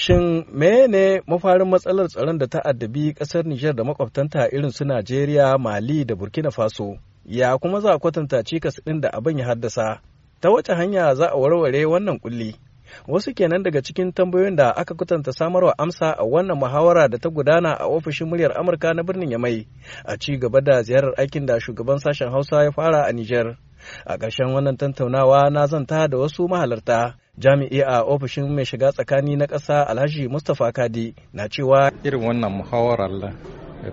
Shin mene mafarin matsalar tsaron da ta addabi ƙasar Nijar da makwabtanta irin su Najeriya, Mali da Burkina Faso? Ya kuma za a kwatanta cikas ɗin da abin ya haddasa? Ta wace hanya za a warware wannan kulli? Wasu kenan daga cikin tambayoyin da aka kwatanta samarwa amsa a wannan muhawara da ta gudana a ofishin muryar Amurka na birnin Yamai a ci gaba da ziyarar aikin da shugaban sashen Hausa ya fara a Nijar. A ƙarshen wannan tantaunawa na zanta da wasu mahalarta jami'i a ofishin mai shiga tsakani na ƙasa alhaji mustapha kadi na cewa irin wannan muhawarar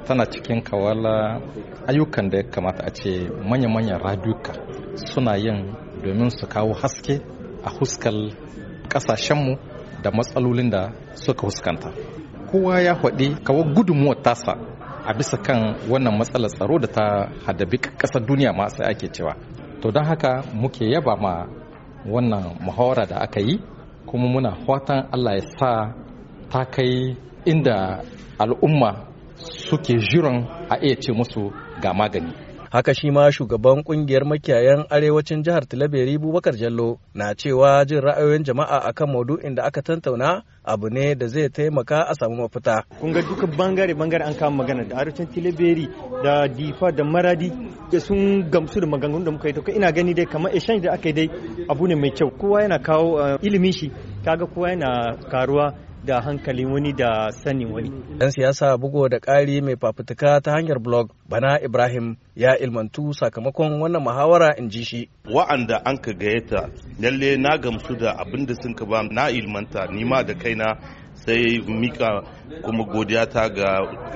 tana cikin kawala ayyukan da ya kamata a ce manya-manyan raduka suna yin domin su kawo haske a huskar ƙasashenmu da matsalolin da suka huskanta kowa ya faɗi kawo gudunmuwar tasa a bisa kan wannan matsalar tsaro da ta hadabi ƙasar duniya ma sai ake cewa to don haka muke yaba ma wannan muhawara da aka yi kuma muna fatan allah ya sa ta kai inda al'umma suke jiran a iya ce musu ga magani haka shi ma shugaban kungiyar makiyayan arewacin jihar tilaberi bubakar jallo na cewa jin ra'ayoyin jama'a akan maudu'in da aka tantauna abu ne da zai taimaka a samu mafita kun ga duka bangare bangare an kama magana da arewacin tilaberi da difa da maradi da sun gamsu da maganganun da muka yi to ina gani dai kamar exchange da aka yi dai abu ne mai kyau kowa yana kawo eh, ilimi shi kaga kowa yana karuwa da hankali wani da sanin wani. Ɗan siyasa bugo da ƙari mai fafutuka ta hanyar blog bana Ibrahim ya ilmantu sakamakon wannan muhawara in ji shi. Wa'anda an ka gayyata lalle na gamsu da abin da sun ka ba na ilmanta nima da kaina sai mika kuma godiya ta ga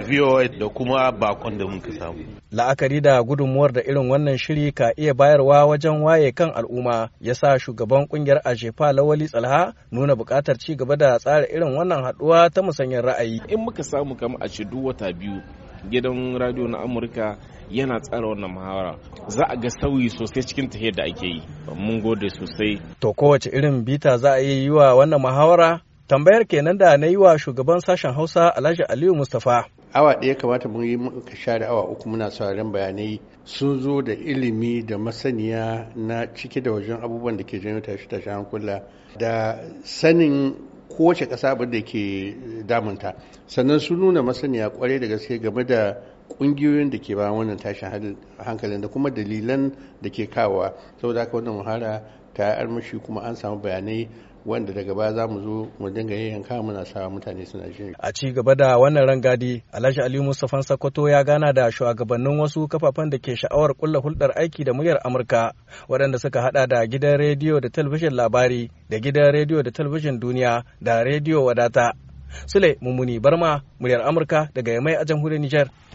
VOA da kuma bakon da muka samu. La'akari da gudunmuwar da irin wannan shiri ka iya bayarwa wajen waye kan al'umma ya sa shugaban kungiyar Ajefa Lawali Tsalha nuna bukatar ci gaba da tsara irin wannan haɗuwa ta musanyar ra'ayi. In muka samu kama a duk wata biyu gidan radio na Amurka yana tsara wannan muhawara za a ga sauyi sosai cikin tahiyar da ake yi mun gode sosai to kowace irin bita za a yi wa wannan muhawara Tambayar kenan da na yi wa shugaban sashen Hausa Alhaji Aliyu Mustapha. Awa ɗaya kamata mu yi muka share awa uku muna sauraron bayanai sun zo da ilimi da masaniya na cike da wajen abubuwan da ke janyo tashi tashi hankula da sanin kowace ƙasa abin da ke damunta sannan sun nuna masaniya kwarai da gaske game da kungiyoyin da ke ba wannan tashin hankalin da kuma dalilan da ke kawowa saboda haka wannan muhara ta armashi kuma an samu bayanai wanda daga baya za mu zo mu dinga kawo muna sa mutane suna jin a ci gaba da wannan rangadi Alhaji Ali Mustapha Sakwato ya gana da shugabannin wasu kafafen da ke sha'awar kulla hulɗar aiki da muryar Amurka waɗanda suka hada da gidan rediyo da talabijin labari da gidan rediyo da talabijin duniya da rediyo wadata Sule Mummuni Barma muryar Amurka daga Yamai a jamhuriyar Nijar.